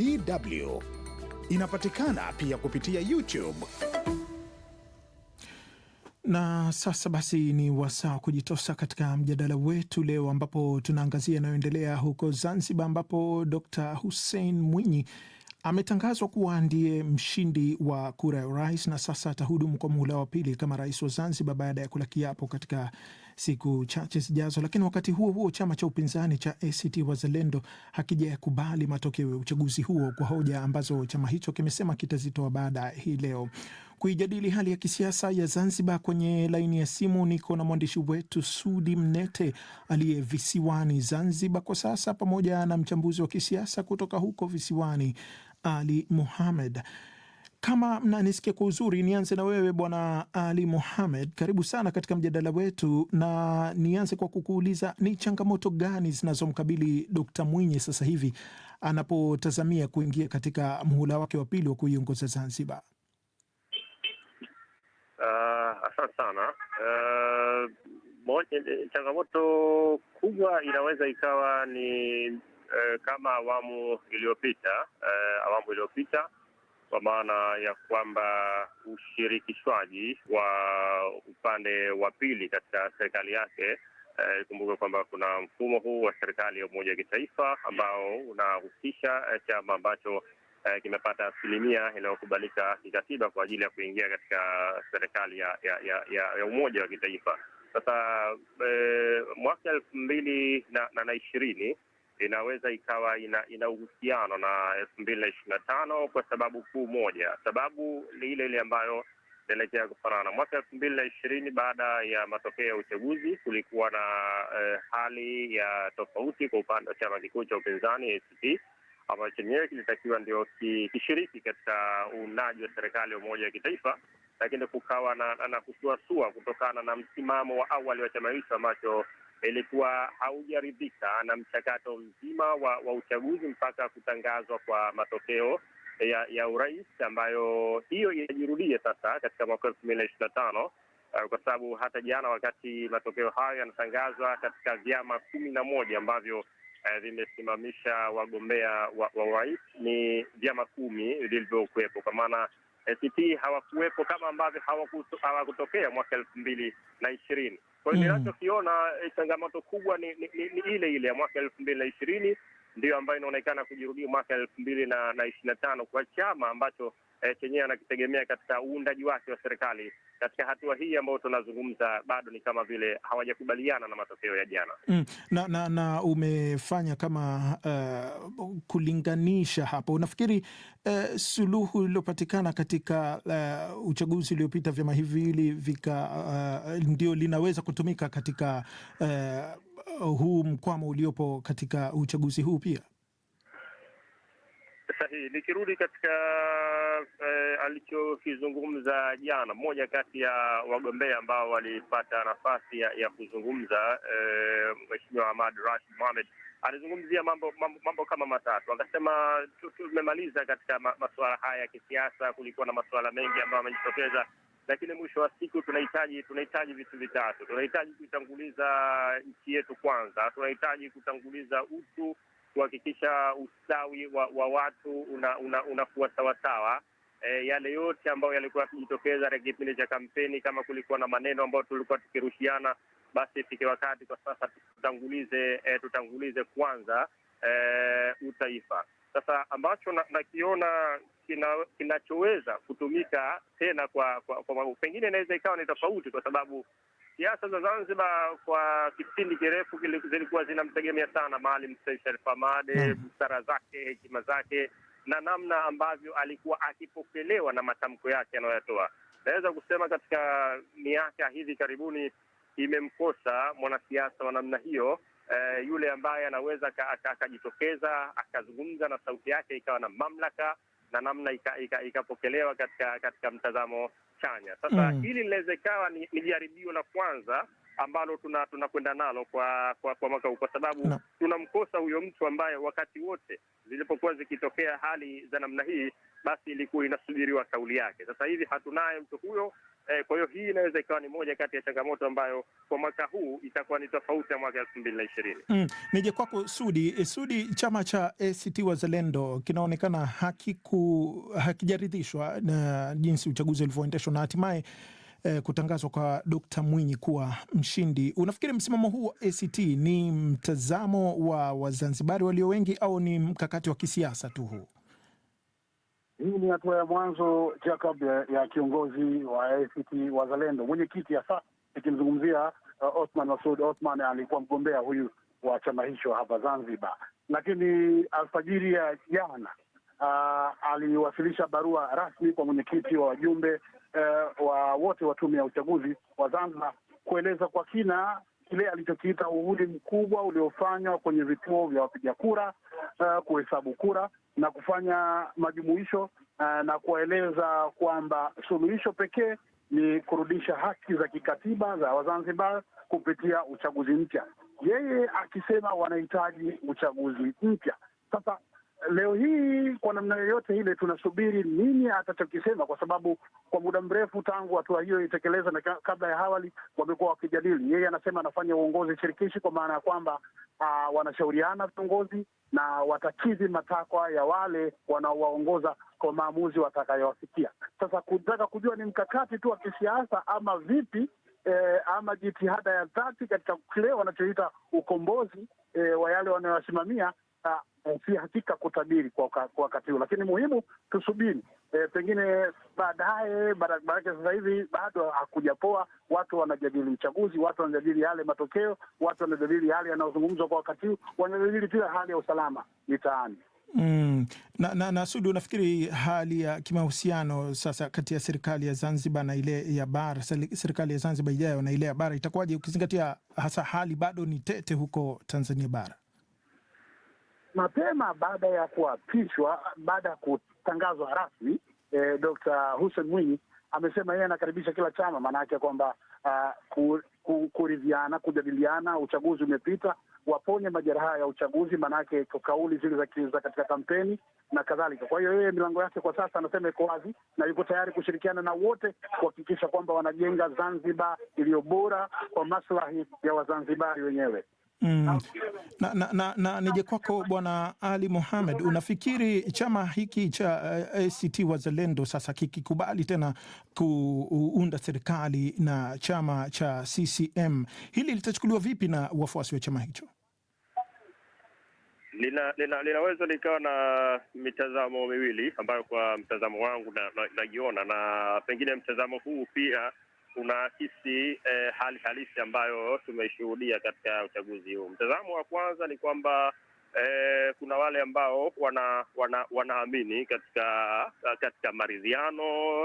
BW. Inapatikana pia kupitia YouTube. Na sasa basi ni wasaa kujitosa katika mjadala wetu leo, ambapo tunaangazia yanayoendelea huko Zanzibar, ambapo Dr. Hussein Mwinyi ametangazwa kuwa ndiye mshindi wa kura ya urais na sasa atahudumu kwa muhula wa pili kama rais wa Zanzibar baada ya kula kiapo katika siku chache zijazo. Lakini wakati huo huo, chama cha upinzani cha ACT Wazalendo hakijakubali matokeo ya uchaguzi huo kwa hoja ambazo chama hicho kimesema kitazitoa baada hii leo. Kuijadili hali ya kisiasa ya Zanzibar, kwenye laini ya simu niko na mwandishi wetu Sudi Mnete aliye visiwani Zanzibar kwa sasa, pamoja na mchambuzi wa kisiasa kutoka huko visiwani Ali Muhamed. Kama mnanisikia kwa uzuri, nianze na wewe Bwana Ali Muhamed, karibu sana katika mjadala wetu, na nianze kwa kukuuliza ni changamoto gani zinazomkabili Dkt. Mwinyi sasa hivi anapotazamia kuingia katika mhula wake wa pili wa kuiongoza Zanzibar? Uh, asante sana. Uh, changamoto kubwa inaweza ikawa ni uh, kama awamu iliyopita uh, awamu iliyopita kwa maana ya kwamba ushirikishwaji wa upande wa pili katika serikali yake. Ikumbuke kwamba kuna mfumo huu wa serikali ya umoja wa kitaifa ambao unahusisha chama ambacho eh, kimepata asilimia inayokubalika kikatiba kwa ajili ya kuingia katika serikali ya, ya, ya, ya, ya umoja wa kitaifa. Sasa eh, mwaka elfu mbili na, na, na ishirini inaweza ikawa ina, ina uhusiano na elfu mbili na ishirini na tano kwa sababu kuu moja. Sababu ni ile ile ambayo inaelekea kufanana. Mwaka elfu mbili na ishirini baada ya matokeo ya uchaguzi kulikuwa na eh, hali ya tofauti kwa upande wa chama kikuu cha upinzani ACT ambacho chenyewe kilitakiwa ndio kishiriki katika uundaji wa serikali ya umoja wa kitaifa, lakini kukawa na, na, na kusuasua kutokana na msimamo wa awali wa chama hicho ambacho ilikuwa haujaridhika na mchakato mzima wa, wa uchaguzi mpaka kutangazwa kwa matokeo ya ya urais ambayo hiyo inajirudia sasa katika mwaka elfu mbili na ishirini na tano uh, kwa sababu hata jana wakati matokeo hayo yanatangazwa katika vyama kumi na moja ambavyo uh, vimesimamisha wagombea wa, wa ni vyama kumi vilivyokuwepo kwa maana ACT hawakuwepo kama ambavyo hawakutokea mwaka elfu mbili na ishirini. Kwa hiyo mm. ninachokiona eh, changamoto kubwa ni, ni, ni, ni ile ile ya mwaka elfu mbili na ishirini ndiyo ambayo inaonekana kujirudia mwaka elfu mbili na, na ishirini na tano kwa chama ambacho eh, chenyewe anakitegemea katika uundaji wake wa serikali. Katika hatua hii ambayo tunazungumza, bado ni kama vile hawajakubaliana na matokeo ya jana mm. Na, na, na umefanya kama uh, kulinganisha hapo, unafikiri uh, suluhu iliyopatikana katika uh, uchaguzi uliopita vyama hivi vika uh, ndio linaweza kutumika katika uh, huu mkwamo uliopo katika uchaguzi huu pia? Sahihi. Nikirudi katika eh, alichokizungumza jana, mmoja kati ya wagombea ambao walipata nafasi ya, ya kuzungumza eh, Mheshimiwa Ahmad Rashid Mohamed alizungumzia mambo, mambo mambo kama matatu. Akasema tumemaliza katika ma, masuala haya ya kisiasa. Kulikuwa na masuala mengi ambayo amejitokeza lakini mwisho wa siku tunahitaji tunahitaji vitu vitatu. Tunahitaji kuitanguliza nchi yetu kwanza, tunahitaji kutanguliza utu, kuhakikisha ustawi wa, wa watu unakuwa una, una sawasawa. E, yale yote ambayo yalikuwa yakijitokeza katika kipindi cha kampeni, kama kulikuwa na maneno ambayo tulikuwa tukirushiana, basi ifike wakati kwa sasa tutangulize, e, tutangulize kwanza e, utaifa. Sasa ambacho nakiona na kinachoweza kina kutumika tena kwa, kwa, kwa pengine inaweza ikawa ni tofauti, kwa sababu siasa za Zanzibar kwa kipindi kirefu zilikuwa zinamtegemea sana Maalim Seif Sharif Hamad, hmm. busara zake, hekima zake na namna ambavyo alikuwa akipokelewa na matamko yake anayoyatoa. Naweza kusema katika miaka hivi karibuni imemkosa mwanasiasa wa namna hiyo eh, yule ambaye anaweza akajitokeza akazungumza na sauti yake ikawa na mamlaka na namna ikapokelewa ika, ika katika katika mtazamo chanya. Sasa mm. hili linaweza ikawa ni, ni jaribio la kwanza ambalo tunakwenda tuna nalo kwa kwa, kwa mwaka huu kwa sababu no. tunamkosa huyo mtu ambaye wakati wote zilipokuwa zikitokea hali za namna hii, basi ilikuwa inasubiriwa kauli yake. Sasa hivi hatunaye mtu huyo, Eh, kwa hiyo hii inaweza ikawa ni moja kati ya changamoto ambayo kwa mwaka huu itakuwa ni tofauti ya mwaka elfu mbili na ishirini. Mm, nije kwako Sudi. E, Sudi, chama cha ACT Wazalendo kinaonekana hakiku hakijaridhishwa na jinsi uchaguzi ulivyoendeshwa na hatimaye eh, kutangazwa kwa Dkt. Mwinyi kuwa mshindi. Unafikiri msimamo huu wa ACT ni mtazamo wa Wazanzibari walio wengi au ni mkakati wa kisiasa tu huu? Hii ni hatua ya mwanzo Jacob, ya, ya kiongozi wa ACT Wazalendo, mwenyekiti hasa ikimzungumzia uh, Othman Masud Othman, alikuwa mgombea huyu wa chama hicho hapa Zanzibar, lakini alfajiri ya jana uh, aliwasilisha barua rasmi kwa mwenyekiti wa wajumbe uh, wa wote wa tume ya uchaguzi wa Zanzibar kueleza kwa kina kile alichokiita uhudi mkubwa uliofanywa kwenye vituo vya wapiga kura uh, kuhesabu kura na kufanya majumuisho uh, na kuwaeleza kwamba suluhisho pekee ni kurudisha haki za kikatiba za Wazanzibar kupitia uchaguzi mpya, yeye akisema wanahitaji uchaguzi mpya. Sasa Leo hii kwa namna yoyote ile tunasubiri nini atachokisema kwa sababu kwa muda mrefu tangu hatua hiyo itekeleza na kabla ya awali wamekuwa wakijadili. Yeye anasema anafanya uongozi shirikishi, kwa maana ya kwamba uh, wanashauriana viongozi na watakidhi matakwa ya wale wanaowaongoza kwa maamuzi watakayowafikia. Sasa kutaka kujua ni mkakati tu wa kisiasa ama vipi? Eh, ama jitihada ya dhati katika kile wanachoita ukombozi eh, wa yale wanayowasimamia Eh, si hakika kutabiri kwa wakati huu, lakini muhimu tusubiri e, pengine baadaye. Maanake sasa hivi bado hakujapoa, watu wanajadili uchaguzi, watu wanajadili yale matokeo, watu wanajadili yale yanayozungumzwa kwa wakati huu, wanajadili pia hali ya usalama mitaani. Mm. Na, na, na Sudi, nafikiri hali ya kimahusiano sasa kati ya serikali ya Zanzibar na ile ya bara, serikali ya Zanzibar ijayo na ile ya bara itakuwaje, ukizingatia hasa hali bado ni tete huko Tanzania bara? mapema baada ya kuapishwa, baada ya kutangazwa rasmi eh, Dr. Hussein Mwinyi amesema yeye anakaribisha kila chama, maanake kwamba uh, kuridhiana, kujadiliana. Uchaguzi umepita, waponye majeraha ya uchaguzi, maanake kauli zile za katika kampeni na kadhalika. Kwa hiyo yeye milango yake kwa sasa anasema iko wazi na yuko tayari kushirikiana na wote kuhakikisha kwamba wanajenga Zanzibar iliyo bora kwa maslahi ya Wazanzibari wenyewe. Mm. Na, na, na, na nije kwako Bwana Ali Mohamed, unafikiri chama hiki cha uh, eh, ACT Wazalendo sasa kikikubali tena kuunda serikali na chama cha CCM hili litachukuliwa vipi na wafuasi wa chama hicho? Lina, lina, linaweza likawa na mitazamo miwili ambayo kwa mtazamo wangu najiona na, na, na pengine mtazamo huu pia unaakisi eh, hali halisi ambayo tumeishuhudia katika uchaguzi huu. Mtazamo wa kwanza ni kwamba eh, kuna wale ambao wana, wana, wanaamini katika katika maridhiano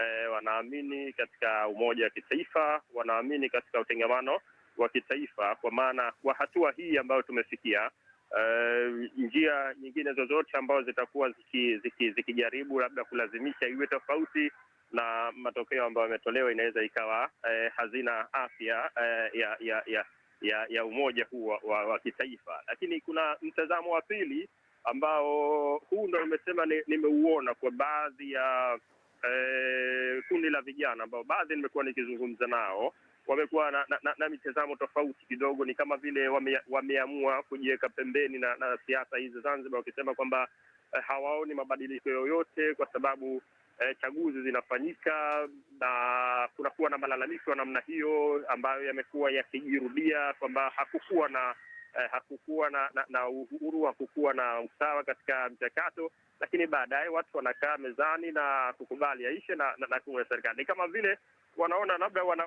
eh, wanaamini katika umoja wa kitaifa, wanaamini katika utengamano wa kitaifa, kwa maana kwa hatua hii ambayo tumefikia uh, njia nyingine zozote ambazo zitakuwa zikijaribu ziki, ziki labda kulazimisha iwe tofauti na matokeo ambayo yametolewa, inaweza ikawa eh, hazina afya eh, ya, ya, ya, ya, ya umoja huu wa, wa, wa kitaifa. Lakini kuna mtazamo wa pili ambao huu ndo nimesema nimeuona kwa baadhi ya eh, kundi la vijana ambao baadhi nimekuwa nikizungumza nao wamekuwa na, na, na, na mitazamo tofauti kidogo, ni kama vile wame, wameamua kujiweka pembeni na, na siasa hizi Zanzibar, wakisema kwamba eh, hawaoni mabadiliko yoyote kwa sababu eh, chaguzi zinafanyika na kunakuwa na malalamiko ya namna hiyo ambayo yamekuwa yakijirudia kwamba hakukuwa na eh, hakukuwa na, na, na uhuru, hakukuwa na usawa katika mchakato, lakini baadaye watu wanakaa mezani na kukubali yaishe na, na, na kuwa serikali. Ni kama vile wanaona labda wana,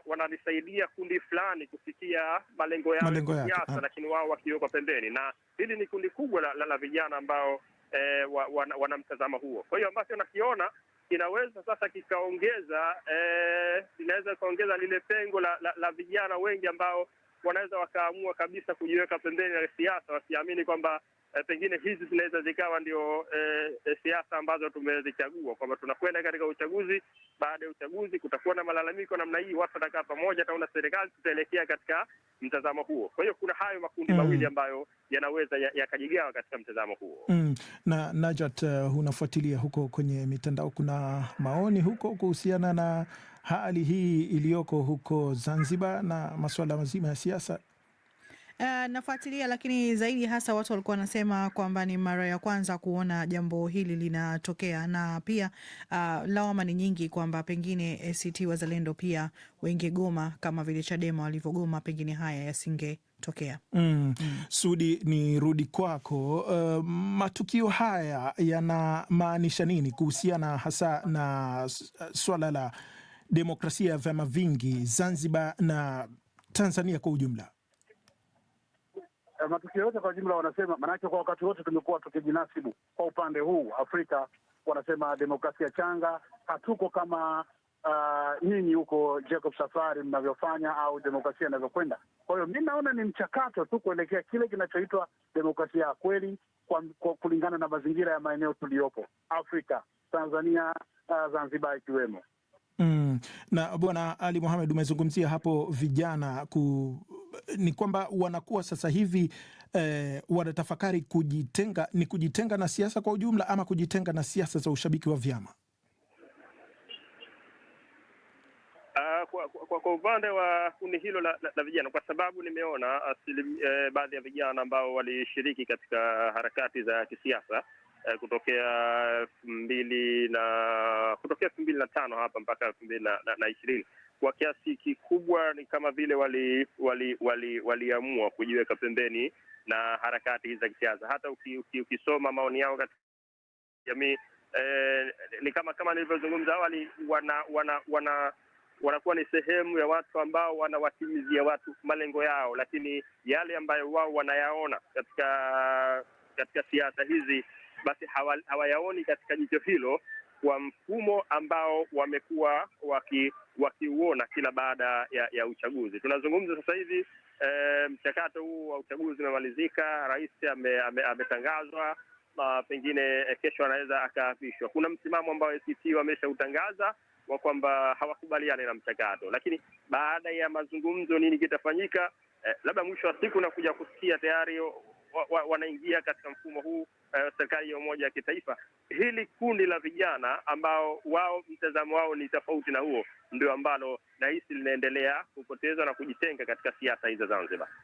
kundi fulani kufikia malengo yao ya siasa, lakini wao wakiwekwa pembeni, na hili ni kundi kubwa la, la, la vijana ambao eh, wana, wana mtazamo huo. Kwa hiyo ambacho nakiona inaweza sasa kikaongeza eh, inaweza ikaongeza lile pengo la, la, la vijana wengi ambao wanaweza wakaamua kabisa kujiweka pembeni na siasa, wasiamini kwamba eh, pengine hizi zinaweza zikawa ndio eh, eh, siasa ambazo tumezichagua kwamba tunakwenda katika uchaguzi. Baada ya uchaguzi kutakuwa na malalamiko namna hii, watu watakaa pamoja, taona serikali, tutaelekea katika mtazamo huo. Kwa hiyo kuna hayo makundi mm. mawili mm, ambayo yanaweza yakajigawa ya katika mtazamo huo mm. Na Najat, uh, unafuatilia huko kwenye mitandao, kuna maoni huko kuhusiana na hali hii iliyoko huko Zanzibar na masuala mazima ya siasa Uh, nafuatilia lakini zaidi hasa watu walikuwa wanasema kwamba ni mara ya kwanza kuona jambo hili linatokea, na pia uh, lawama ni nyingi kwamba pengine ACT Wazalendo pia wengegoma kama vile Chadema walivyogoma, pengine haya yasingetokea. Mm. Mm. Sudi, ni rudi kwako. Uh, matukio haya yanamaanisha nini kuhusiana hasa na swala la demokrasia ya vyama vingi Zanzibar na Tanzania kwa ujumla? Eh, matukio yote kwa jumla wanasema, maanake kwa wakati wote tumekuwa tukijinasibu kwa upande huu Afrika, wanasema demokrasia changa, hatuko kama uh, nyinyi huko Jacob Safari mnavyofanya au demokrasia inavyokwenda. Kwa hiyo mi naona ni mchakato tu kuelekea kile kinachoitwa demokrasia ya kweli kwa, kwa kulingana na mazingira ya maeneo tuliyopo Afrika, Tanzania, uh, Zanzibar ikiwemo. Mm. Na Bwana Ali Mohamed umezungumzia hapo vijana ku ni kwamba wanakuwa sasa hivi eh, wanatafakari kujitenga, ni kujitenga na siasa kwa ujumla ama kujitenga na siasa za ushabiki wa vyama? Uh, kwa, kwa, kwa upande wa kundi hilo la, la, la vijana kwa sababu nimeona asili, eh, baadhi ya vijana ambao walishiriki katika harakati za kisiasa eh, kutokea elfu mbili na kutokea elfu mbili na tano hapa mpaka elfu mbili na ishirini kwa kiasi kikubwa ni kama vile waliamua wali, wali, wali kujiweka pembeni na harakati za kisiasa. Hata uki, uki, ukisoma maoni yao katika jamii eh, ni kama kama nilivyozungumza awali, wana wana wana wanakuwa ni sehemu ya watu ambao wanawatimizia watu malengo yao, lakini yale ambayo wao wanayaona katika katika siasa hizi basi hawa, hawayaoni katika jicho hilo kwa mfumo ambao wamekuwa wakiuona waki kila baada ya, ya uchaguzi. Tunazungumza sasa hivi e, mchakato huu wa uchaguzi umemalizika, rais ametangazwa ame, ame pengine eh, kesho anaweza akaapishwa. Kuna msimamo ambao ACT wameshautangaza wa kwamba hawakubaliani na mchakato, lakini baada ya mazungumzo nini kitafanyika? E, labda mwisho wa siku nakuja kusikia tayari wanaingia wa, wa katika mfumo huu uh, serikali ya umoja wa kitaifa. Hili kundi la vijana ambao wao mtazamo wao ni tofauti na huo, ndio ambalo nahisi linaendelea kupotezwa na kujitenga katika siasa hizo za Zanzibar.